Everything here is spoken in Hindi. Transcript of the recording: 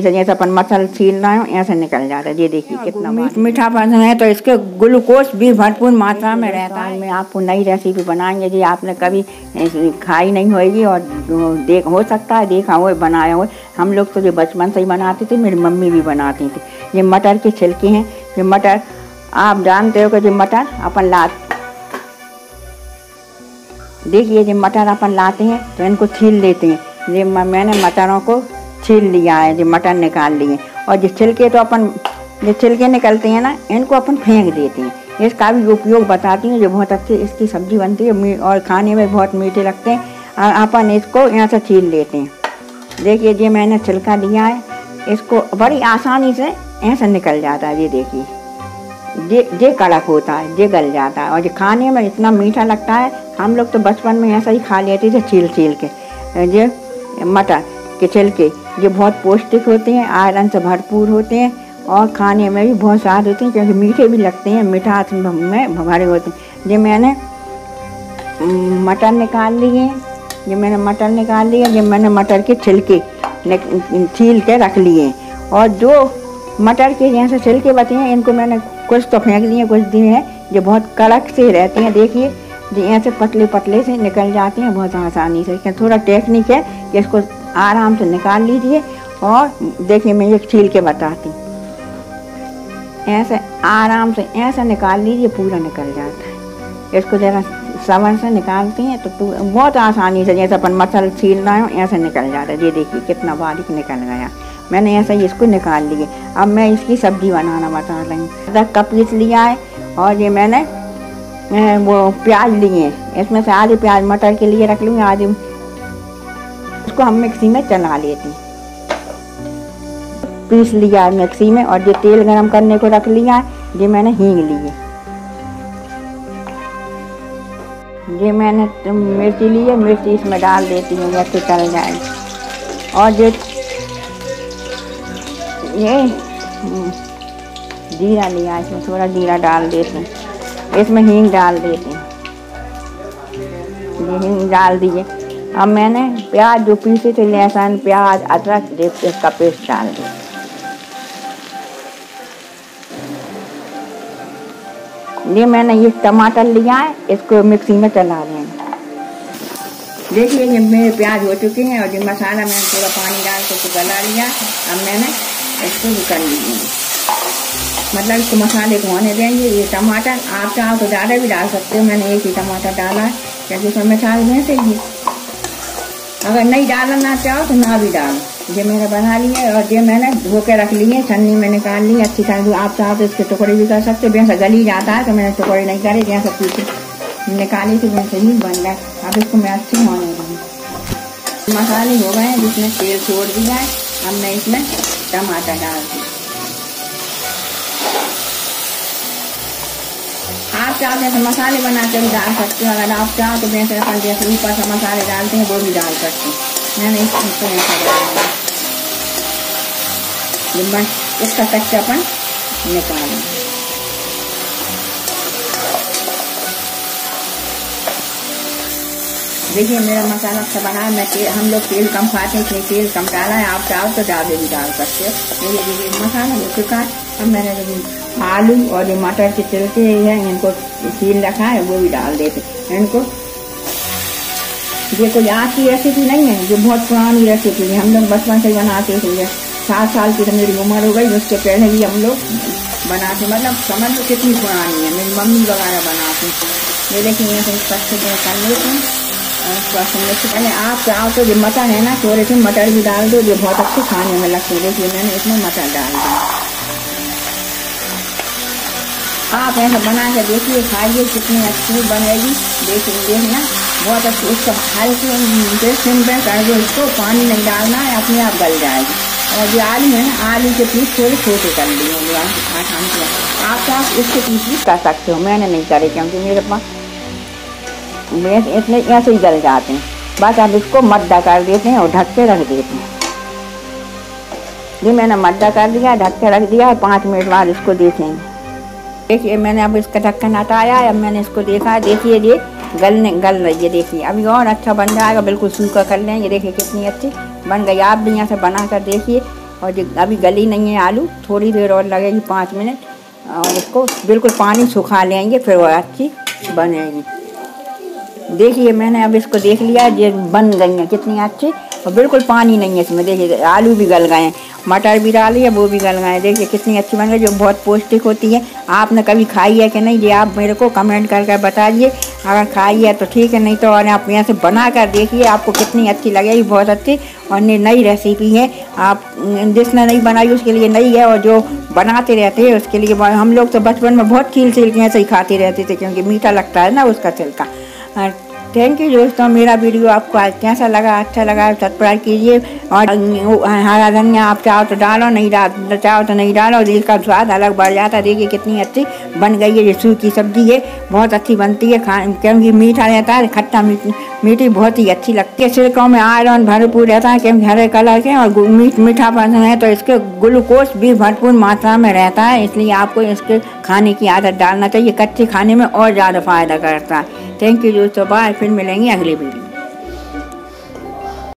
जैसे जैसे अपन मसल छील रहे हो ऐसे निकल जाता है ये देखिए हाँ, कितना मीठा पसंद है तो इसके ग्लूकोज भी भरपूर मात्रा में रहता है मैं आपको नई रेसिपी बनाएंगे जी आपने कभी खाई नहीं होगी और देख हो सकता है देखा हो बनाया हो हम लोग तो जो बचपन से ही बनाते थे मेरी मम्मी भी बनाती थी ये मटर के छिलके हैं ये मटर आप जानते हो कि जो मटर अपन ला देखिए जो मटर अपन लाते हैं तो इनको छील लेते हैं ये मैंने मटरों को छील लिया है जो मटन निकाल लिए और जो छिलके तो अपन जो छिलके निकलते हैं ना इनको अपन फेंक देते हैं इसका भी उपयोग बताती हूँ जो बहुत अच्छी इसकी सब्जी बनती है और खाने में बहुत मीठे लगते हैं और अपन इसको यहाँ से छील लेते हैं देखिए जी मैंने छिलका लिया है इसको बड़ी आसानी से ऐसा निकल जाता है ये देखिए जे जे कड़क होता है जे गल जाता है और जो खाने में इतना मीठा लगता है हम लोग तो बचपन में ऐसा ही खा लेते थे छील छील के ये मटर किचल के जो बहुत पौष्टिक होते हैं आयरन से भरपूर होते हैं और खाने में भी बहुत स्वाद होते हैं क्योंकि मीठे भी लगते हैं मीठा में भरे होते हैं जो हम्म, मैंने मटर निकाल लिए जो मैंने मटर निकाल लिए जो मैंने मटर के छिलके छील के रख लिए और जो मटर के यहाँ से छिलके बचे हैं इनको मैंने कुछ तो फेंक दिए कुछ दिए हैं जो बहुत कड़क से रहते हैं देखिए जो यहाँ से पतले पतले से निकल जाते हैं बहुत आसानी से थोड़ा टेक्निक है कि इसको आराम से निकाल लीजिए और देखिए मैं ये छील के बताती ऐसे आराम से ऐसे निकाल लीजिए पूरा निकल जाता है इसको ज़रा सवन से निकालती हैं तो बहुत आसानी से जैसे अपन मसल छील रहे हो ऐसे निकल जाता है ये देखिए कितना बारीक निकल गया मैंने ऐसे ही इसको निकाल लिए अब मैं इसकी सब्जी बनाना बता रही हूँ अदरक कप पीस लिया है और ये मैंने वो प्याज लिए इसमें से आधे प्याज मटर के लिए रख लूँगी आधे उसको हम मिक्सी में चला लेते पीस लिया है मिक्सी में और ये तेल गरम करने को रख लिया है ये मैंने हींग ली है ये मैंने मिर्ची ली है मिर्ची इसमें डाल देती हूँ जैसे चल जाए और ये ये हम्म, जीरा लिया इसमें थोड़ा जीरा डाल देते हैं इसमें हींग डाल देते हैं ये हींग डाल दिए अब मैंने प्याज जो पीसे थे लहसुन प्याज अदरक देख इसका पेस्ट डाल दिया ये मैंने ये टमाटर लिया है इसको मिक्सी में चला हैं देखिए ये मेरे प्याज हो चुके हैं और ये मसाला मैंने थोड़ा पानी डाल के उसको गला लिया अब मैंने इसको कर लीजिए मतलब इसको मसाले को होने देंगे ये टमाटर आप चाहो तो ज़्यादा भी डाल सकते हो मैंने एक ही टमाटर डाला है क्योंकि उसमें मसाले में से अगर नहीं डालना चाहो तो ना भी डालो ये मैंने बना लिए और ये मैंने धो के रख लिए छन्नी में निकाल ली अच्छी तरह आप चाहो तो इसके टुकड़े भी कर सकते हो जैसा गली जाता है तो मैंने टुकड़े नहीं करे जैसा पीछे निकाली तो वैसे ही बन गए अब इसको मैं अच्छी होने दूँगी मसाले हो गए हैं जिसमें तेल छोड़ दिया है अब मैं इसमें टमाटर डाल दूँ आप चाहते हैं तो मसाले बना के भी डाल सकते हो अगर आप चाहो तो बेसन अपन जैसे ऊपर से मसाले डालते हैं वो भी डाल सकते हैं मैंने को ऐसा बनाया इसका कच्चापन निकालेंगे देखिए मेरा मसाला अच्छा बना है मैं हम लोग तेल कम खाते हैं इसलिए तेल कम डाला है आप चाहो तो ज़्यादा भी डाल सकते हो देखिए देखिए मसाला हो चुका है अब मैंने आलू और ये मटर के छिलके हैं इनको छील रखा है वो भी डाल देते इनको ये कोई आज की रेसिपी नहीं है जो बहुत पुरानी रेसिपी है हम लोग बचपन से बनाते थे सात साल की तो मेरी उम्र हो गई उसके पहले भी हम लोग बनाते मतलब समझ लो कितनी पुरानी है मेरी मम्मी वगैरह बनाती थी ये देखिए यहाँ पर कर लेते हैं देखिए मैंने आप चाहो तो जो मटर है ना थोड़े से मटर भी डाल दो जो बहुत अच्छे खाने में लगते हैं देखिए मैंने इसमें मटर डाल दिया आप ऐसा बना के देखिए खाइए कितनी अच्छी बनेगी देख लीजिए है ना बहुत अच्छी उसको हल्के से सिम पे कर दो उसको पानी नहीं डालना है अपने आप गल जाएगी और जो आलू है ना आलू के पीस थोड़े छोटे कर लिए आप आप उसके पीस भी कर सकते हो मैंने नहीं करे क्योंकि मेरे पास इसमें इसलिए यहाँ से इधर जाते हैं बस अब इसको मद्दा कर देते हैं और ढक के रख देते हैं जी मैंने मद्दा कर दिया ढक के रख दिया और पाँच मिनट बाद इसको देखेंगे देखिए मैंने अब इसका ढक्कन हटाया अब मैंने इसको देखा देखिए ये गलने गल रही है देखिए अभी और अच्छा बन जाएगा बिल्कुल सूखा कर लें ये देखिए कितनी अच्छी बन गई आप भी यहाँ से बना कर देखिए और जो अभी गली नहीं है आलू थोड़ी देर और लगेगी पाँच मिनट और इसको बिल्कुल पानी सुखा लेंगे फिर वो अच्छी बनेगी देखिए मैंने अब इसको देख लिया ये बन गई हैं कितनी अच्छी और बिल्कुल पानी नहीं है इसमें देखिए आलू भी गल गए हैं मटर भी डाली है वो भी गल गए हैं देखिए कितनी अच्छी बन गई जो बहुत पौष्टिक होती है आपने कभी खाई है कि नहीं ये आप मेरे को कमेंट करके बता दिए अगर खाई है तो ठीक है नहीं तो और आप यहाँ से बना कर देखिए आपको कितनी अच्छी लगेगी बहुत अच्छी और ये नई रेसिपी है आप जिसने नहीं बनाई उसके लिए नई है और जो बनाते रहते हैं उसके लिए हम लोग तो बचपन में बहुत खील छील के ऐसे ही खाते रहते थे क्योंकि मीठा लगता है ना उसका छिलका हाँ थैंक यू दोस्तों मेरा वीडियो आपको कैसा लगा अच्छा लगा सब्सक्राइब कीजिए और हरा धनिया आप चाहो तो डालो नहीं डाल चाहो तो नहीं डालो दिल का स्वाद अलग बढ़ जाता है देखिए कितनी अच्छी बन गई है जसूर की सब्ज़ी है बहुत अच्छी बनती है खा क्योंकि मीठा रहता है खट्टा मीठी बहुत ही अच्छी लगती है सिरकों में आयरन भरपूर रहता है क्योंकि हरे कलर के और मीठ मीठा पसंद है तो इसके ग्लूकोज भी भरपूर मात्रा में रहता है इसलिए आपको इसके खाने की आदत डालना चाहिए कच्चे खाने में और ज़्यादा फायदा करता है थैंक यू दोस्तों बाय फिर मिलेंगे अगली वीडियो